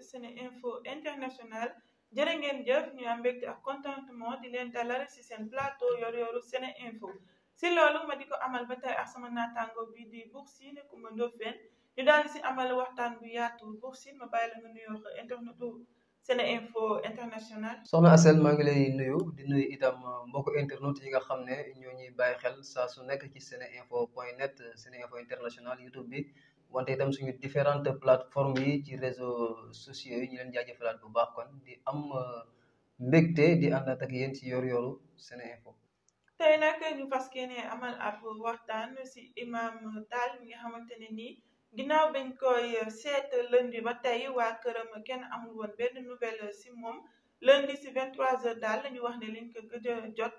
ci sene info international jërë ngeen jëf ñu am mbégte contentement di leen dalal ci seen plateau yor yoru sene info si loolu ma di ko amal ba tey ak sama naataango bi di Boursine Coumba Ndoffène ñu daal si amal waxtaan bu yaatu Boursine ma bàyyi la nga nuyoo internetu sene info international soxna Asel maa ngi lay nuyu di nuyu itam mbokku internet yi nga xam ne ñoo ñuy bàyyi xel saa su nekk ci sene info point net sene info international youtube bi wante itam suñu différentes plateformes yi ci réseaux sociaux yi ñu leen jaajëfalaat bu baax kon di am euh, mbégte di àndaat ak yéen ci yor yoru Sene Info tey nag ñu fas yéene amal ab waxtaan si imam Tall mi nga xamante ne nii ginnaaw bañ koy seet lundi ba tey waa këram kenn amul woon benn nouvelle si moom lundi si 23h daal la ñu wax ne liñ ko gëj a jot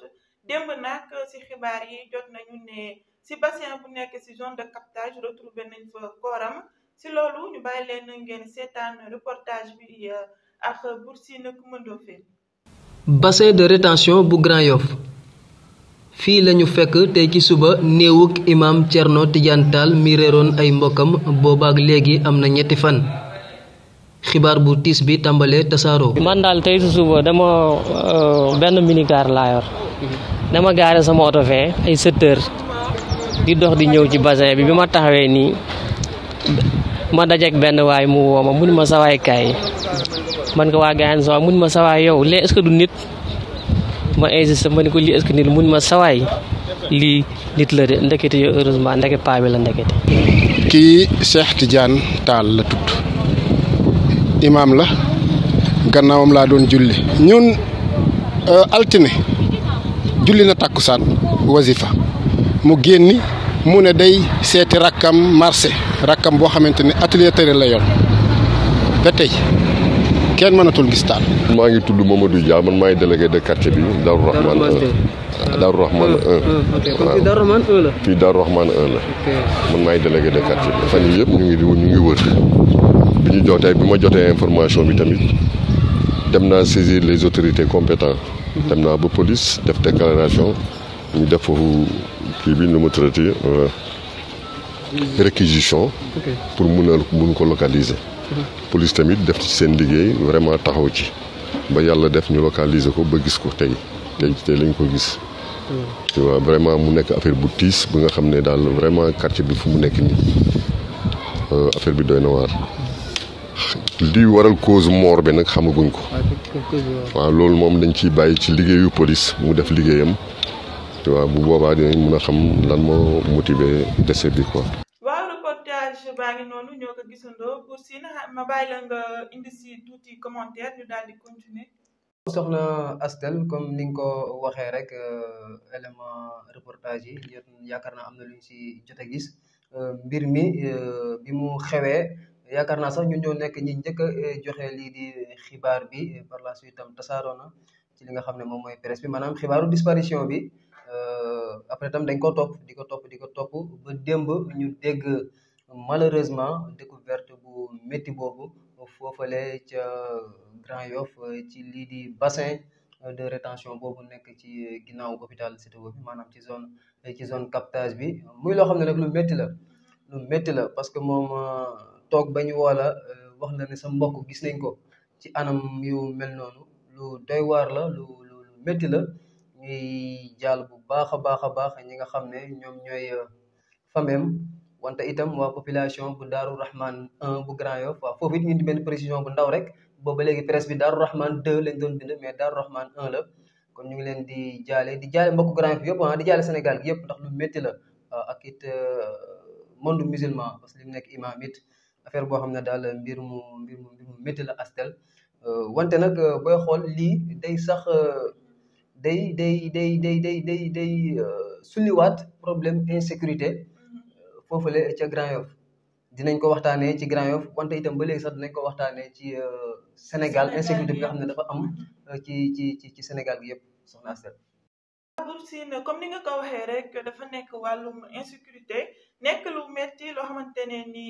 démb nag si xibaar yi jot nañu ne. si bassin bu nekk si zone de captage retrouvé nañ kooram si loolu ñu bàyyi leen ngeen seetaan reportage bi euh, ak Boursine Coumba Ndoffène bassin de rétention bu Grand Yoff fii lañu fekk tey ci suba néewuk imaam Thierno Tidiane Tall mi ay mbokkam boobaak léegi am na ñetti fan xibaar bu tiis bi tàmbalee tasaaroo. man daal tey ci suba dama euh, benn minicar laa dama gaare sama oto fee ay 7 di dox di ñëw ci bassin bi bi ma taxawee nii ma dajeek benn waay mu woo ma mun ma sawaay kaay man ko waa Gayane mu mun ma sawaay yow lee est du nit ma insisté ma ne ko lii est-ce nit mun ma sawaay lii nit la de ndekete yow heureusement ndeke paa la ndekete. kii Cheikh Tidiane Tall la tudd imaam la gannaawam laa doon julli ñun euh, altine julli na tàkkusaan wazifa mu génni mu ne day seeti rakkam marché rakkam boo xamante ni atelier tëre la yor ba tey kenn mënatul gis taal. maa ngi tudd moom Mamadou Dia man maay délégué de quartier bi Darou Rahman 1 Darou Rahman 1 ah. Darou Rahman 1 la. fii Darou Rahman 1 la. man maay délégué de quartier bi fan yii yëpp ñu ngi ñu wër bi ñu jotee bi ma jotee information bi tamit dem naa saisir les autorités compétentes mhm. dem naa ba police def déclaration ñu def foofu. kii bi nu mu traité euh, réquisition pour mun a mun ko localiser mhm. police tamit def ci seen liggéey vraiment taxaw ci ba yàlla def ñu localiser ko ba gis ko tey tey tey lañ ko gis mhm. tu vois vraiment mu nekk affaire bu tiis bu nga xam ne daal vraiment quartier bi fu mu nekk nii euh, affaire bi doy na li waral cause mort bi nag xamaguñ ko waaw loolu moom dañ ciy bàyyi ci liggéeyu police mu def liggéeyam tu vois bu boobaa a xam lan moo motiver décès bi quoi. waaw reportage baa noonu ñoo ko gisandoo pour si ma bàyyi la nga indi si commentaire ñu daal di continuer. soxna Astel comme ni nga ko waxee rek euh, élément reportage yi yéen yaakaar naa am na lu ñu si jot a gis euh, mbir mi euh, bi mu xewee. yaakaar naa sax ñun ñoo nekk ñi njëkk joxe lii di xibaar bi par la suite tam tasaaroo na ci li nga xam ne moom mooy presse bi maanaam xibaaru disparition bi Euh, après tam dañ ko top di ko topp di ko topp ba démb ñu dégg malheureusement découverte bu métti boobu le ca Grand Yoff ci lii di bassin de rétention boobu nekk ci ginnaaw hôpital Cité bi maanaam ci zone ci zone captage bi muy loo xam ne nag lu métti la parce que moom euh, toog ba ñu woola euh, wax na ne sa mbokk gis nañ ko ci anam yu mel noonu lu doy la lu lu métti la ñuy jàll baax a baax a baax ñi nga xam ne ñoom ñooy euh, famem wante itam waa population bu daar Daaru Rahman 1 bu Grand Yoff waaw foofu it ñu di benn précision bu ndaw rek booba léegi presse bi Daaru Rahman 2 lañ doon bind mais Daaru Rahman 1 la kon ñu ngi leen di jaale di jaale mbokk Grand Yoff yëpp ah di jaale Sénégal gi yëpp ndax lu métti la ak it euh, monde musulman parce que li mu nekk imam it affaire boo xam ne daal mbir mu mbir mu mbir mu métti la astel euh, wante nag booy xool lii day day day day day day day euh, sulliwaat problème insécurité euh, foofule ca Grand Yoff dinañ ko waxtaanee ci Grand Yoff wante itam ba léegi sax dinañ ko waxtaanee ci euh, Sénégal insécurité bi nga xam ne dafa am ci ci ci Sénégal yëpp soxna Astel. Abou comme ni nga ko waxee rek dafa nekk wàllum insécurité nekk lu metti loo xamante ne ni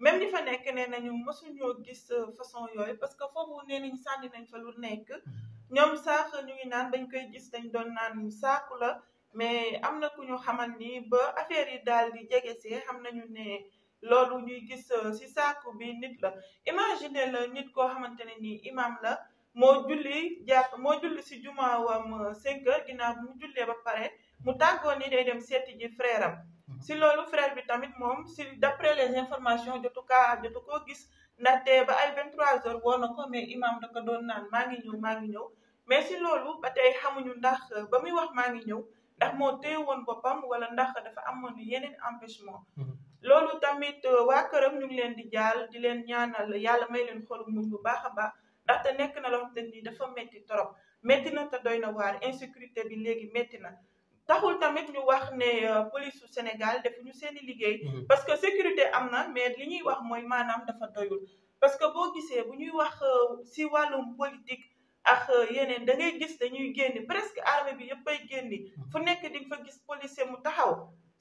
même ñi fa nekk nee nañu mosuñoo gis façon yooyu parce que foofu nee nañ sànni nañ fa lu nekk. Mm-hmm. ñoom sax ñu ngi naan bañ koy gis dañ doon naan saaku la mais am na ku ñu xaman ni ba affaire yi daal di jege see xam nañu ne loolu ñuy gis ci euh, saaku bi nit la imagine la nit koo xamante ne ni imam la moo julli jàpp moo julli ci jumaawam euh, cinq heures ginnaaw bi mu jullee ba pare mu tàggoo ni day dem seeti ji frère am mhm. loolu frère bi tamit moom ci d'après les informations jotu kaa koo gis ndaxte ba ay 23 heures woo na ko mais imam da ko doon naan maa ngi ñëw maa ngi ñëw mais si loolu ba tey xamuñu ndax euh, ba muy wax maa ngi ñëw ndax moo téye woon boppam wala ndax dafa amoon yeneen empêchement mhm. loolu tamit euh, waa këram ñu ngi leen di jaal di leen ñaanal yàlla may leen xolu muñ bu baax a baax ndaxte nekk na loo xam te ni dafa métti trop métti na ta doy na waar insécurité bi léegi métti na taxul tamit ñu wax ne euh, police su Sénégal defuñu seen i liggéey. Mm-hmm. parce que sécurité am na mais li ñuy wax mooy maanaam dafa doyul. parce que boo gisee bu ñuy wax euh, si wàllum politique ak euh, yeneen da ngay gis dañuy génn presque armée bi yëpp ay génni mm-hmm. fu nekk di nga fa gis policier mu taxaw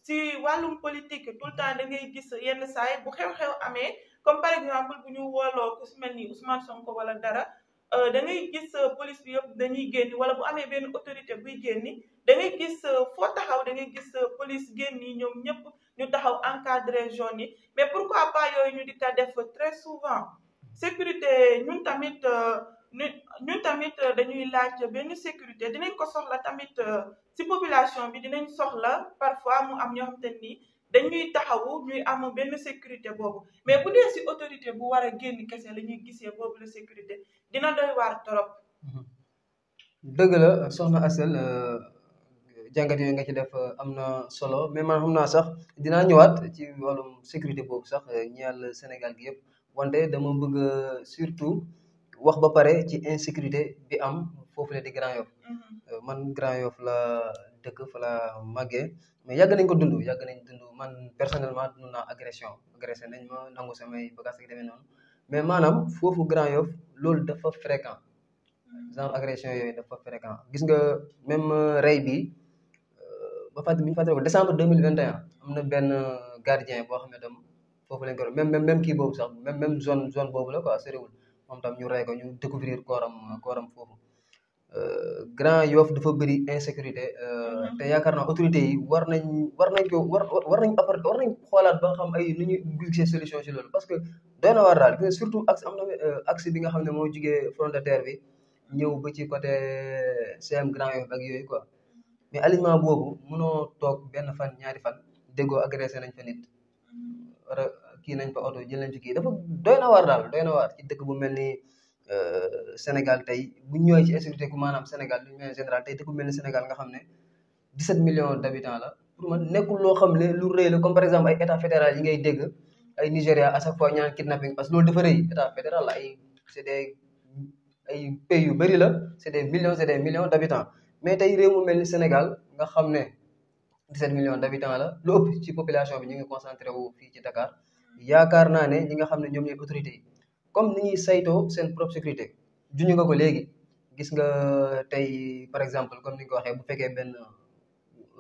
si wàllum politique tout le temps da ngay gis yenn saa yi bu xew-xew amee comme par exemple bu ñu wooloo ku ni Ousmane Sonko wala dara. Euh, da ngay gis euh, police bi yëpp dañuy génn wala bu amee benn autorité buy génni da ngay gis euh, foo taxaw da ngay gis police génni ñoom ñëpp ñu taxaw encadré jeunes yi mais pourquoi pas yooyu ñu di ko def très souvent sécurité ñun tamit ñun tamit dañuy laaj benn sécurité dinañ ko soxla tamit si population bi dinañ soxla parfois mu am ñoo xamante ni dañuy taxawu ñuy am benn sécurité boobu mais bu dee si autorité bu war a génn kese la ñuy gisee boobu la sécurité dina doy waar torop mhm. dëgg la soxna Asel euh, jàngat yooyu nga ci def euh, am na solo mais man xam naa sax dinaa ñëwaat ci wàllum sécurité boobu sax euh, ñeel Sénégal gi yëpp wante dama bëgg surtout wax ba pare ci insécurité bi am foofu la di Grand Yoff mm-hmm. euh, man Grand Yoff la dëkk fa la màggee mais yàgg nañ ko dund yàgg nañ man personnellement dund naa agression agressé nañ ma nangu samay bagages ak demee noonu mais maanaam foofu Grand Yoff loolu dafa fréquent mm-hmm. genre agression yooyu dafa fréquent gis nga même euh, rey bi euh, ba fàttali bi ñu fàttali ko décembre deux mille vingt et am na benn gardien boo xam ne tam foofu lañ ko doon même même kii boobu sax même même zone zone boobu la quoi soriwul moom tam ñu rey ñu découvrir foofu Euh, Grand Yoff dafa bëri insécurité euh, te yaakaar naa yi war nañ war nañ ko war war nañ apporter war nañ xoolaat ba nga xam ay nu ñuy gisee solution si loolu parce que doy na waar daal surtout axe am na euh, bi nga xam ne moo jugee front de terre bi ñëw ba ci côté CM Grand Yoff ak yooyu quoi mais aliment boobu mënoo toog benn fan ñaari fan déggo agressé nañ fa nit war a nañ fa oto jël nañ ci kii dafa doy na waar daal doy na waar ci dëkk bu mel ni Euh, Sénégal tey bu ñu ñëwee ci insécurité gu maanaam Sénégal du ñu ñëwee général Sénégal nga xam ne 17 millions d' habitants la pour man nekkul loo xam ne lu rëy la comme par exemple ay état fédéral yi ngay dégg ay Nigéria à chaque fois ñaan kidnapping parce que loolu dafa rëy état fédéral ay c' ay pays yu bëri la c' est des millions c' est mais tey réew mu mel ni Sénégal nga xam ne 17 millions d' habitants la loo ci population bi ñu ngi concentré wu fii ci Dakar yaakaar naa ne ñi nga xam ne ñoom ñooy autorités comme ni ñuy saytoo seen propre sécurité juñu nga ko léegi gis nga tey par exemple comme ni nga ko waxee bu fekkee benn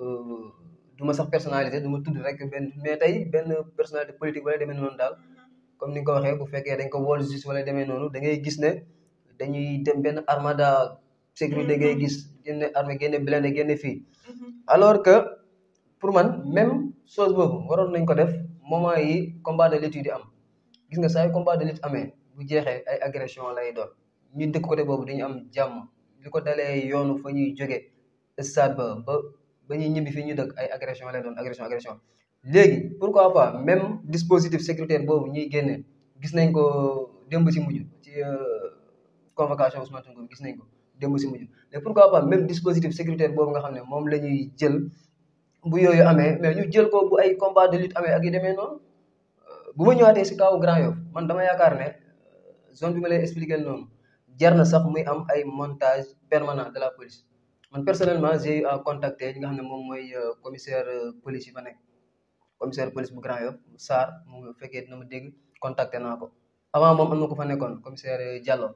euh, du ma sax personnalité du ma tudd rek benn mais tey benn personnalité politique wala demee noonu daal comme ni nga ko waxee bu fekkee dañ ko wóolu justice wala demee noonu da ngay gis ne dañuy dem benn armada sécurité ngay gis génne armée génne blindé génne fii mhm. alors que pour man même chose boobu waroon nañ ko def moment yi combat de lutte yi di am gis nga saa yu amee bu jeexee ay agression lay doon ñu dëkk côté boobu dañu am jàmm li ko dalee yoonu fa ñuy jóge stade ba ba ba ñuy ñibbi fi ñu dëkk ay agression lay doon agression agression léegi pour pourquoi pas même dispositif sécuritaire boobu ñuy génne gis nañ ko démb si mujj ci euh, convocation Ousmane Sonko gis nañ ko démb si mujj mais pourquoi pas même dispositif sécuritaire boobu nga xam ne moom la ñuy jël bu yooyu amee mais ñu jël ko bu ay combat de lutte amee ak yu demee noonu euh, bu ma ñëwaatee si kaw yaakaar ne zone bi ma lay expliqué noonu jar na sax muy am ay montage permanent de la police man personnellement j'ai eu à contacter ñi nga xam ne moom mooy euh, commissaire euh, police yi fa nekk commissaire police bu Grand Yoff Sarr mu fekkee dina ma dégg contacter naa ko avant moom am na ko fa nekkoon commissaire euh, Diallo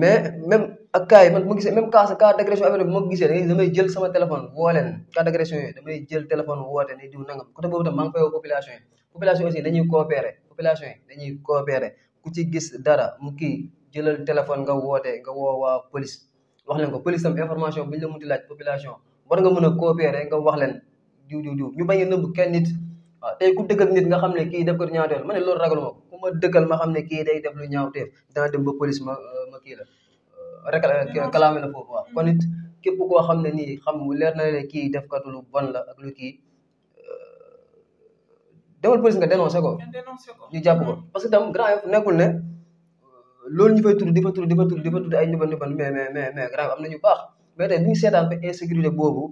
mais même ak cas yi man bu ma gisee même cas cas d'agression affaire jël sama téléphone woo leen cas d'agression yooyu damay jël téléphone woote ni diw nangam côté boobu tam maa ngi koy woo population dañuy coopérer population dañuy coopérer ku ci gis dara mu kii jëlal téléphone nga woote nga woo waa police wax leen ko police tam information bu ñu la munti laaj population war nga mën a coopérer nga wax leen diw diw diw ñu bañ a nëbb kenn nit waaw tey ku dëkk ak nit nga xam ne kii def ko ñaaw teef ma ne loolu ragalu ma ku ma dëkkal ma xam ne dem ba police ma euh, ma euh, rek kalaame la foofu waaw kon it képp koo ne nii xam leer ne kii def katu lu bon la ak lu kii demal police nga dénoncé ko. ñu jàpp ko parce que tam Grand Yoff nekkul ne euh, loolu ñu fay tudd di fa tudd di fa di fa tudd ay ñuban ñuban mais mais mais Grand Yoff am na ñu baax mais tey bu ñu seetaan ba insécurité boobu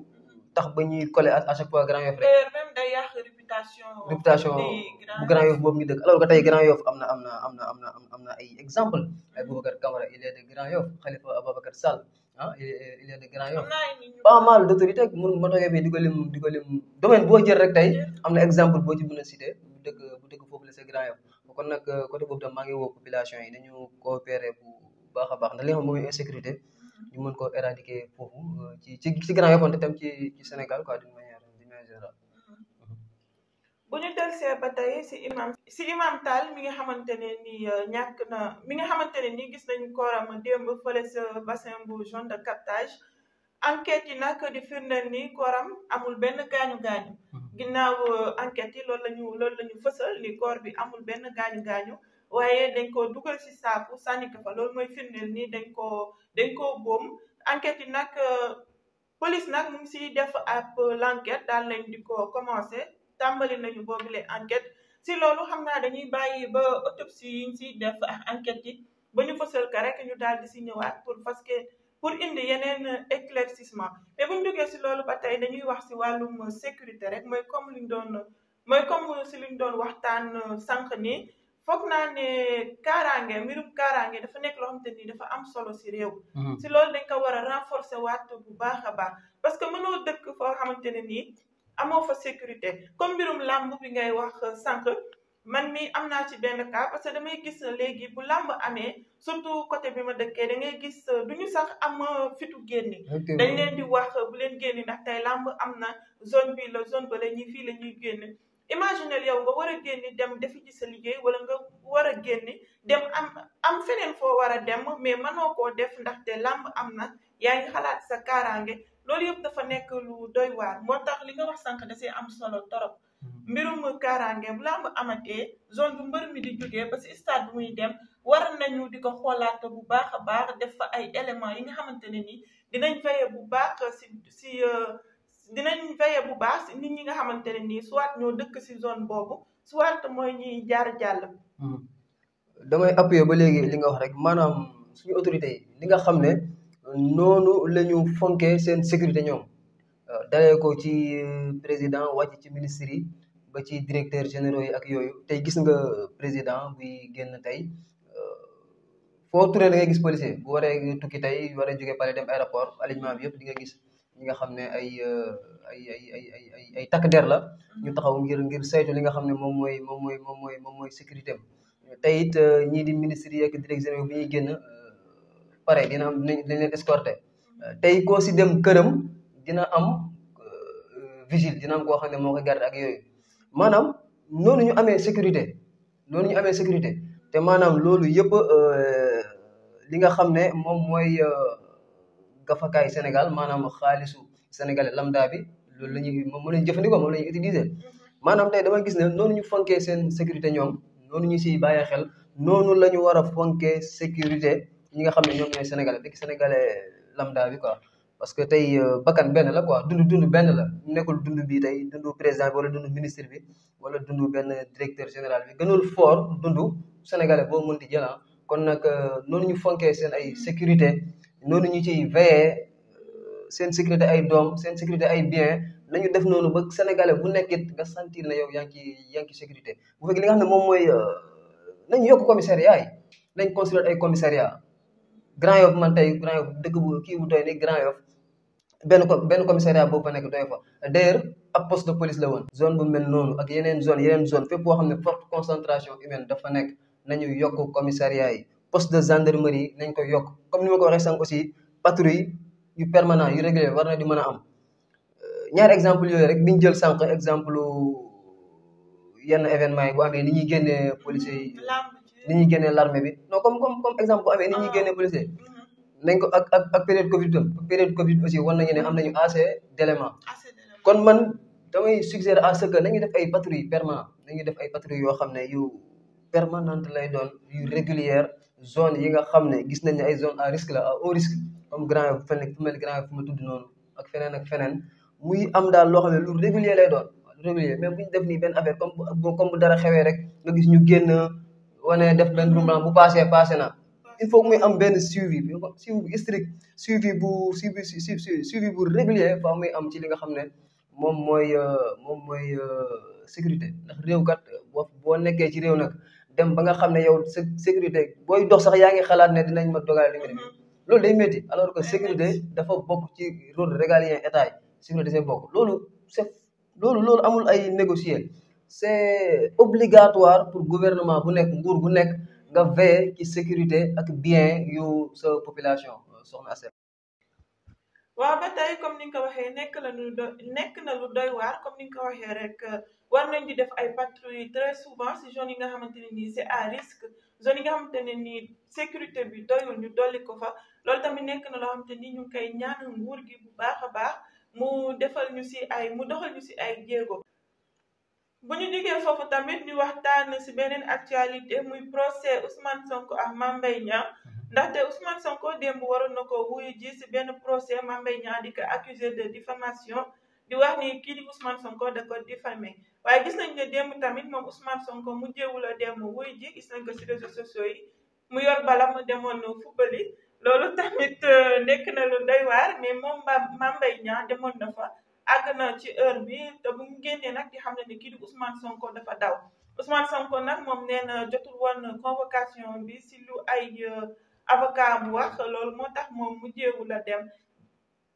tax ba ñuy collé à chaque fois Grand Yoff rek. même day yàq réputation. réputation bu Grand Yoff boobu ñu dëkk alors que tey Grand Yoff am na am na am na am na am na ay exemple ay Boubacar Camara il est de Grand Yoff Khalifa Ababacar Sall. ah il a de grand yoon pas mal d'autorité mun ma toogee bi di ko lim di ko lim domaine boo jël rek am na exemple boo ci mën a cité bu dëkk bu dëkk foofu la sa grand yoon kon nag euh, côté boobu tam maa ngi woo population yi dañu coopérer bu baax a baax ndax li nga xam mooy insécurité mm-hmm. ñu mën ko éradiquer foofu euh, ci ci ci grand yoon tam ci ci Sénégal quoi d'une manière bu ñu delsee ba tey si imam si imam Tall mi nga xamante ne ni euh, ñàkk na mi nga xamante ne ni gis nañu kooram démb fële sa bassin bu zone de captage enquête yi nag di firndeel ni kooram amul benn gaañu gaañu mm-hmm. ginnaaw euh, enquête yi loolu lañu loolu la ñu fësal ni koor bi amul benn gaañu gaañu waaye dañ ko dugal si saaku sànni ko fa loolu mooy firndeel ni dañ koo dañ koo boom enquête yi nag euh, police nag mu ngi siy def ab l'enquête daal na di ko commencé tàmbali nañu boobule enquête si loolu xam naa dañuy bàyyi ba autopsie yi ñu siy def enquête yi ba ñu fësal ka rek ñu daal di si ñëwaat pour parce que pour indi yeneen éclaircissement mais bu ñu duggee si loolu ba tey dañuy wax si wàllum sécurité rek mooy comme luñ doon mooy comme si luñ doon waxtaan sànq nii foog naa ne kaaraange mbirum kaaraange dafa nekk loo xamante ni dafa am solo si réew. Mm-hmm. si loolu dañ ko war a renforcer waat bu baax a baax parce que mënoo dëkk foo xamante ne nii. amoo fa sécurité comme mbirum làmb bi ngay wax euh, sànq man mi am naa ci benn cas parce que damay gis léegi bu làmb amee surtout côté bi ma dëkkee da ngay gis euh, du ñu sax am euh, fitu génni dañ leen di wax bu leen génni ndax tey làmb am na zone bi la zone ba la ñuy fii la ñuy génn imaginel yow nga war a génni dem defi ci sa liggéey wala nga war a génni dem am am feneen foo war a dem mais mënoo koo def ndaxte làmb am na ya ngi xalaat sa kaaraange loolu yëpp dafa nekk lu doy waar moo tax li nga wax sànq da see am solo torop mhm. mbirum kaaraange bu làmb amatee zone bu mbër mi di jógee ba si stade bu muy dem war nañu di ko xoolaat bu baax a baax def fa ay éléments yi nga xamante ne nii dinañ feye bu baax si si euh, dinañ feye bu baax si nit ñi nga xamante ne nii soit ñoo dëkk si zone boobu soit mooy ñuy jaar jàll. Mhm. damay appuyer ba léegi li nga wax rek maanaam suñu autorité yi li nga xam ne. noonu la ñu fonkee seen sécurité ñoom euh, dalee ko ci euh, président wàcc ci ministre yi ba ci directeur généraux yi ak yooyu tey gis nga président buy génn tey euh, foo turee da ngay gis policier bu waree tukki tey war a jóge pare dem aéroport alignement bi yëpp di nga gis ñi nga xam ne ay ay ay ay ay ay ay takk der la ñu taxaw ngir ngir saytu li nga xam ne moom mooy moom mooy moom mooy moom mooy sécurité am it ñii di ministre yi ak directeur bi ñuy génn pare dina am dinañ leen escorter euh, tey koo si dem këram dina am euh, vigile dina am koo xam ne moo koy garde ak yooyu maanaam noonu ñu amee sécurité noonu ñu amee sécurité te maanaam loolu yëpp euh, li nga xam ne moom mooy gafakaay Sénégal maanaam xaalisu sénégalais lambda bi loolu la ñuy moom la ñuy jëfandikoo moom la ñuy utiliser maanaam tey dama gis ne noonu ñu fonkee seen sécurité ñoom noonu ñu si bàyyi xel noonu la ñu war a fonkee sécurité ñi nga xam ne ñoom ñooy sénégalais dëkk sénégalais lambda bi quoi parce que tey euh, bakkan benn la quoi dund dund benn la nekkul dundu bi tey dund président bi wala dund ministre bi wala dundu benn directeur général bi gënul fort dund sénégalais boo mën di jël ah. kon nag euh, noonu ñu fonkee seen ay sécurité noonu ñu ciy veillé euh, seen sécurité ay doom seen sécurité ay bien nañu def noonu ba sénégalais bu nekkit nga sentir ne yow yaa ngi ci yaa ngi sécurité bu fekkee li nga xam ne moom mooy nañu yokk commissariat yi nañ construire ay commissariat Grand Yoff man tey Grand Yoff dëkk bu kii bu doy ni Grand Yoff benn benn commissariat boobu fa nekk doy fa d'ailleurs ab poste de police la woon zone bu mel noonu ak yeneen zone yeneen zone fépp boo xam ne forte concentration humaine dafa nekk nañu yokk commissariat yi poste de gendarmerie yi nañ ko yokk comme ni ma ko waxee sànq aussi patrouille yu permanent yu régulier war na di mën a am euh, ñaar exemple yooyu rek biñu jël sànq exemple yenn événement yi bu amee ni ñuy génnee policiers ni ñuy génnee l'armée bi non comme comme comme exemple bu amee ni ñuy ah. génnee policier mhm. nañ ko ak ak ak période Covid tam période Covid aussi war nañu ne am nañu assez kon man damay suggérer à ce que nañu def ay patrouilles permanentes nañu def ay patrouilles yoo xam ne yu permanente lay doon yu régulière zone yi nga xam ne gis nañ ne ay zone à risque la à haut risque comme grand yof fenn fu mel grand yof fu ma tudd noonu ak feneen ak feneen muy am daal loo xam ne lu régulier lay doon régulier mais bu ñu benn affaire comme comme bu dara xewee rek nga ñu génn wane def benn roulement bu passé passé na il faut muy am benn suivi suivi bu strict suivi bu suivi suivi bu régulier fa muy am ci li nga xam ne moom mooy euh, moom mooy euh, sécurité ndax réew kat boo boo nekkee ci réew nag dem ba nga xam ne yow sécurité booy dox sax yaa ngi xalaat ne dinañ ma dogal li nga loolu day métti alors que sécurité dafa bokk ci rôle régalien état yi sécurité c'est bokk loolu c'est loolu loolu amul ay négocier c'est obligatoire pour gouvernement bu nekk nguur bu nekk nga veiller ki sécurité ak bien yu sa population euh, soxna Asel. waaw ba tey comme ni nga ko waxee nekk na lu doy nekk na lu doy waar comme ni nga rek euh, war nañ di def ay patrouilles très souvent si zone yi nga xamante ne nii c'est à risque zone nga xamante ne nii sécurité bi doyul ñu dolli ko fa loolu tamit nekk na loo xamante ni ñu ngi koy ñaan gi baax a baax mu defal ñu si ay mu doxal ñu si ay jéego. bu ñu jógee foofu tamit ñu waxtaan si beneen actualité muy procès Ousmane Sonko ak Mame Mbaye Niang mhm. ndaxte Ousmane Sonko démb waroon na ko wuyu ji si benn procès Mame Mbaye Niang di ko accusé de diffamation di wax ni kii di Ousmane Sonko da ko diffamé waaye gis nañ ne démb tamit moom Ousmane Sonko mu jéewula démb wuyu ji gis nañ ko si réseaux sociaux yi mu yor bala mu demoon fubali loolu tamit euh, nekk na lu doy waar mais moom Mame Mbaye Niang demoon na fa àgg na ci heure bi te bu ñu génnee nag di xam na ni kii di Ousmane Sonko dafa daw Ousmane Sonko nag moom nee na jotul woon convocation bi si lu ay euh, avocat bu wax loolu moo tax moom mujjeewu la dem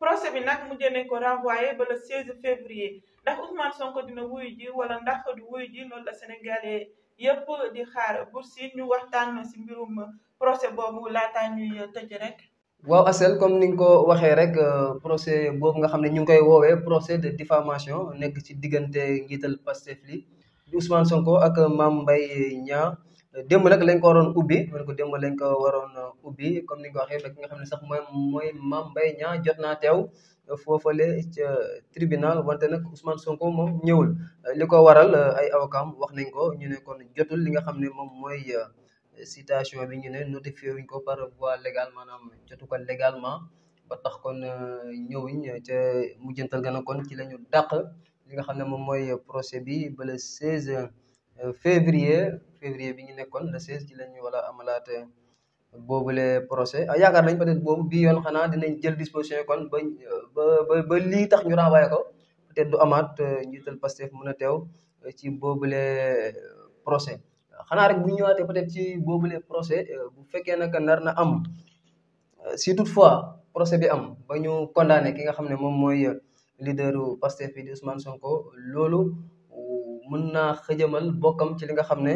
procès bi nag mujjee nañ ko renvoyé ba le 16 février ndax Ousmane Sonko dina wuyu ji wala ndax du wuyu ji loolu la sénégalais yëpp di xaar Bour Sine ñu waxtaan si mbirum procès boobu laataa ñuy tëj rek. waaw Asel comme ni nga ko waxee rek euh, procès boobu nga xam ne ñu ngi koy woowee procès de diffamation nekk ci diggante njiital Pastef li di Ousmane Sonko ak maam mbay ñaa démb nag lañ ko waroon ubbi man ko démb lañ ko waroon ubbi comme ni nga ko waxee rek nga xam ne sax mooy mooy Mame Mbaye Niang jot naa teew foofale ca tribunal wante nag Ousmane Sonko moom ñëwul li ko waral ay awkaam wax nañ ko ñu ne kon jotul li nga xam ne moom mooy. citation bi ñu ne notifié wuñ ko par voie légale maanaam jotu ko légalement ba tax kon euh, ñëwuñ ca mujjantal gën a kon ci lañu ñu dàq li nga xam ne moom mooy procès bi ba le 16 euh, février février bi ñu nekkoon le 16 ci la ñu wala amalaat euh, boobule procès ah, yaakaar nañ peut boobu bii yoon xanaa dinañ jël disposition yi kon ba ba ba lii tax ñu renvoyé ko peut-être du amaat njiital Pastef mën a teew ci boobule procès. Euh, xanaa rek bu ñëwaatee peut-être ci boobule procès euh, bu fekkee nag nar na am euh, si fois procès bi am ba ñu condamné ki nga xam ne moom mooy leaderu Pastef bi di Ousmane ko loolu mën naa xëjëmal bokkam ci li nga xam ne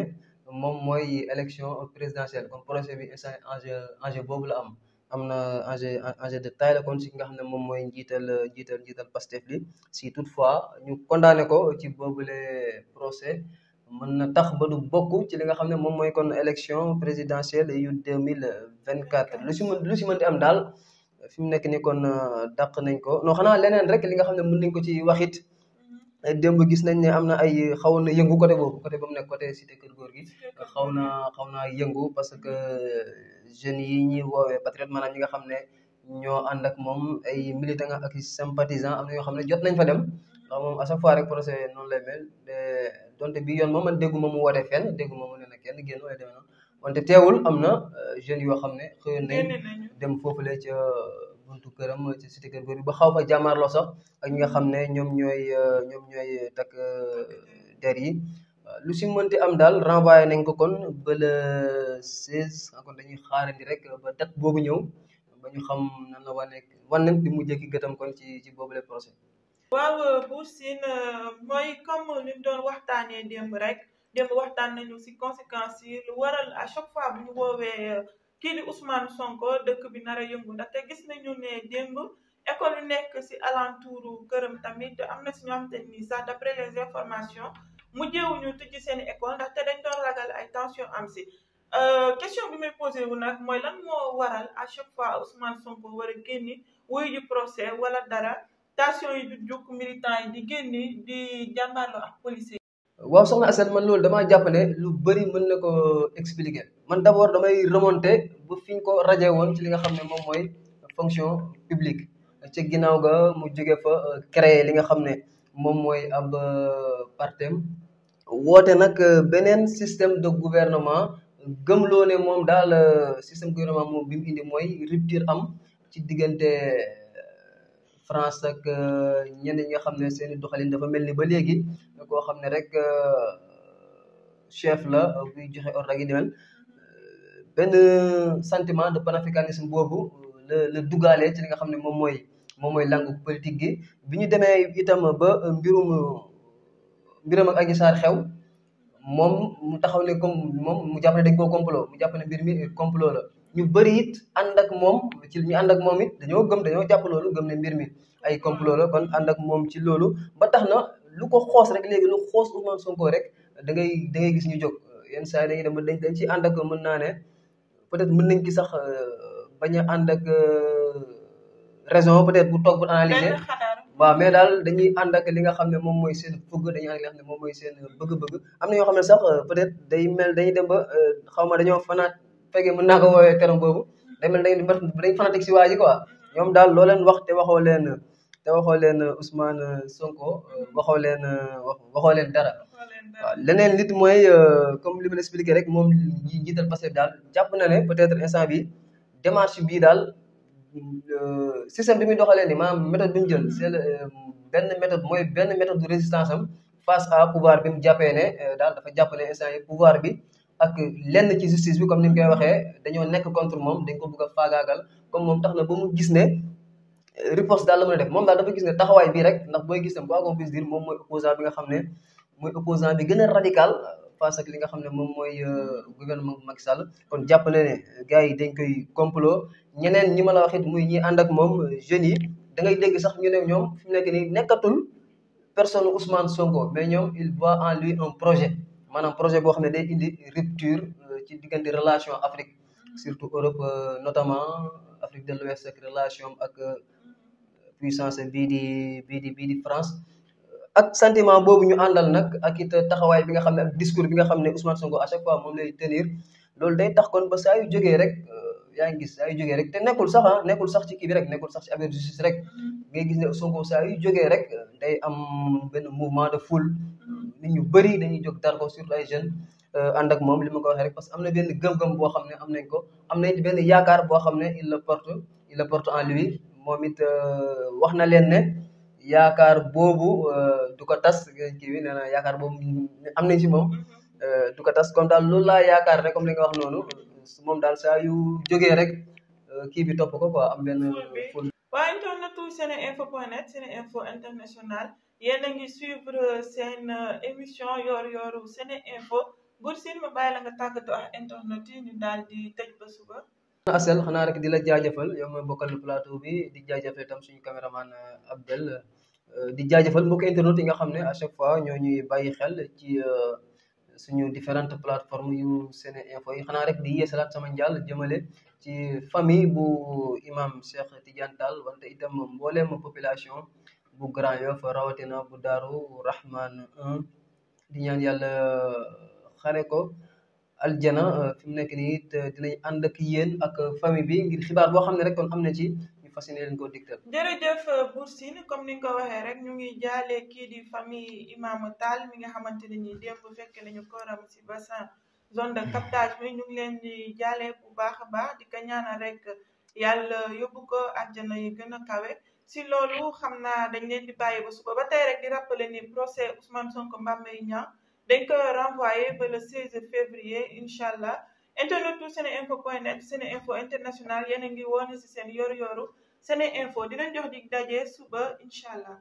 moom mooy élection présidentielle kon procès bi instant enjeu enjeu boobu la am am na enjeu enjeu de taille la si ki nga xam ne moom mooy njiital njiital njiital Pastef li si fois ñu condamné ko ci boobule procès mën na tax ba du bokk ci li nga xam ne moom mooy kon élection présidentielle yu deux mille vingt quatre lu si mën lu si am daal fi mu nekk ni kon euh, dàq nañ ko non xanaa leneen rek li nga xam ne mën nañ ko ci waxit mm-hmm. démb gis nañ ne am na ay xawoon na yëngu côté boobu côté ba mu nekk côté cité kër góor gi xaw naa xaw naa yëngu parce que euh, jeunes yi ñuy woowee patriote maanaam ñi nga xam ne ñoo ànd ak moom ay militants ak sympathisants am na ñoo xam ne jot nañ fa dem ndax moom à chaque fois rek procès noonu lay mel donte bi yoon moom man dégguma mu woote fenn dégguma mu ne na kenn gen wala dem noonu wante teewul am na euh, jeunes yoo xam ne xëyoon nañ dem foofule ca euh, buntu këram ci cité kër góor bi ba xaw fa jàmmaarloo sax ak ñi nga xam ne ñoom ñooy euh, ñoom ñooy takk der yi lu si mënti am daal renvoyé nañ ko kon ba le 16 kon dañuy xaarandi rek ba date boobu ñëw ba ñu xam nan la wane wan nañ di mujjee ki gëtam kon ci ci boobule procès waaw euh, Boury Sine euh, mooy comme li mu doon waxtaanee démb rek démb waxtaan nañu si conséquences yi waral à chaque fois bu ñu woowee euh, kii di Ousmane Sonko dëkk bi nar a yëngu ndaxte gis nañu ne démb école yu nekk si alentouru këram tamit am na si ñoo xamante ni sax d'après les informations mujjeewuñu tijji seen école ndaxte dañ doon ragal ay tension am si question bi may posé wu nag mooy lan moo waral à chaque fois Ousmane Sonko war a génni wuyu ji wala dara. station yi du jóg militant yi di génne di jàmbaarloo ak policier waaw soxna Assane man loolu dama jàpp lu bëri mën na ko expliquer man d' abord damay remonter bu fi ñu ko rajee woon ci li nga xam ne moom mooy fonction publique ci ginnaaw ga mu jóge fa euh, créer li nga xam ne moom mooy ab euh, partem woote nag euh, beneen système de gouvernement gëmloo ne moom daal système gouvernement moom bi indi mooy rupture am ci diggante France ak euh, ñenn ñi nga xam ne seeni doxalin dafa mel ni ba léegi koo xam ne rek euh, chef la buy joxe ordre ak euh, benn sentiment de panafricanisme boobu la la dugaale li nga xam ne moom mooy moom mooy langue politique gi bi ñu demee itam ba mbirum mbiram ak Adji Sarr xew moom mu taxaw ne comme moom mu jàpp ne dañ koo complot mu jàpp mbir mi complot la ñu bari it ànd ak moom ci ñu ànd ak moom it dañoo gëm dañoo jàpp loolu gëm ne mbir mi ay complot la kon ànd ak moom ci loolu ba tax na lu ko xoos rek lu xoos Ousmane Sonko rek da ngay da ngay gis ñu jóg yenn saa yi dañuy dem ba dañ dañ ci ànd ak mën naa ne peut-être mën nañ ci sax euh, bañ ànd ak euh, raison peut-être bu toog bu analyser waaw mais daal dañuy ànd ak li nga xam ne moom mooy seen bëgg dañuy ànd ak ne moom mooy seen bëgg-bëgg am na yoo xam ne sax euh, peut-être day mel dañuy dem ba xaw ma dañoo fanaat fekkee mën naa ko woowee terme boobu day mel dañ dañ fanatique si waa ji quoi ñoom daal loo leen wax te waxoo leen te waxoo leen Ousmane Sonko waxoo leen waxoo leen dara waaw leneen nit mooy euh, comme li expliqué rek moom ñi jiital Pastef daal jàpp na ne peut-être instant bi démarche bii daal euh, système bi muy doxalee ni maanaam méthode bi mu jël c'est euh, benn méthode mooy benn méthode de résistance am face à pouvoir bi mu jàppee ne daal dafa jàpp ne instant yi pouvoir bi ak lenn ci justice bi comme ni ñu koy waxee dañoo nekk contre moom dañ ko bëgg a faagaagal comme moom tax ba mu gis ne euh, riposte daal la mën a def moom daal dafa gis ne taxawaay bii rek ndax booy gis ne quoi qu'on puisse moom mooy opposant bi nga xam ne mooy opposant bi gën a radical face ak li nga xam ne moom mooy euh, gouvernement Macky Sall kon jàppale ne gars yi dañ koy complot ñeneen ñi ma la wax muy ñi ànd ak moom jeunes yi da ngay dégg sax ñu ñoom fi mu nekk nii nekkatul personne Ousmane Sonko mais ñoom il voit en lui un projet maanaam projet boo xam ne day indi rupture euh, ci diggante relation Afrique surtout Europe euh, notamment Afrique de l'Ouest ak relation ak euh, puissance bii di bii di bii di France ak sentiment boobu ñu àndal nag ak it taxawaay bi nga xam ne ak discours bi nga xam ne Ousmane Sonko à chaque fois moom lay tenir loolu day tax kon ba saa yu jógee rek yaa ngi gis saa yu jógee rek te nekkul sax ah nekkul sax ci kii bi rek nekkul sax ci affaire rek ngay gis ne Sonko saa yu jógee rek day am benn mouvement de foule nit ñu bëri dañuy jóg dar surtout ay jeunes euh, ànd ak moom li ma ko waxee rek parce que am na benn gëm-gëm boo xam ne am nañ ko am nañ benn boo xam ne il le porte il le porte en lui moom it euh, wax na leen ne yaakaar boobu euh, du ko tas kii bi nee na yaakaar boobu am nañ ci moom du ko tas comme daal loolu laa yaakaar rek comme li nga wax noonu moom daal saa yu jógee rek kii bi topp ko quoi am benn maaleykum sene info point net sene info international yéen a ngi suivre seen euh, émission yoor yooru sene info Buur Sine ma bàyyi la nga tàggatoo ak internet yi ñu daal di tëj ba suba. asel xanaa rek di la jaajëfal yo mooy bokkal plateau bi di jaajëfal itam suñu caméraman euh, Abdel euh, di jaajëfal mbokk internet yi nga xam ne à chaque fois ñoo ñuy bàyyi xel ci. suñu différentes plateformes yu seen info yi xanaa rek di yeesalaat sama njàll jëmale ci famille bu imam Cheikh Tidiane Tall wante itam mbooleem population bu Grand Yoff rawatina bu Daaru Rahman 1 di ñaan yàlla euh, xare ko aljana euh, fi mu nekk nii it dinañ ànd ak yéen ak famille bi ngir xibaar boo xam ne rek kon am na ci fas yéene leen koo digtal. jërëjëf euh, Bour Sine comme ni nga ko waxee rek ñu ngi jaale kii di famille Imam Tall mi nga xamante ne nii démb fekk nañu kooram si bassin zone de captage bi ñu ngi leen di jaale bu baax a baax di ko ñaanal rek yàlla yóbbu ko àjjana yi gën a kawe. si loolu xam naa dañ leen di bàyyi ba suba ba tey rek di rappeler ni procès Ousmane Sonko Mame Mbaye Niang dañ ko renvoyé ba le 16 février incha allah internet tout sene info point net sene info international yéen a ngi woon si seen yor-yoru. Sene Info dinañ jox dig daje suba incha allah.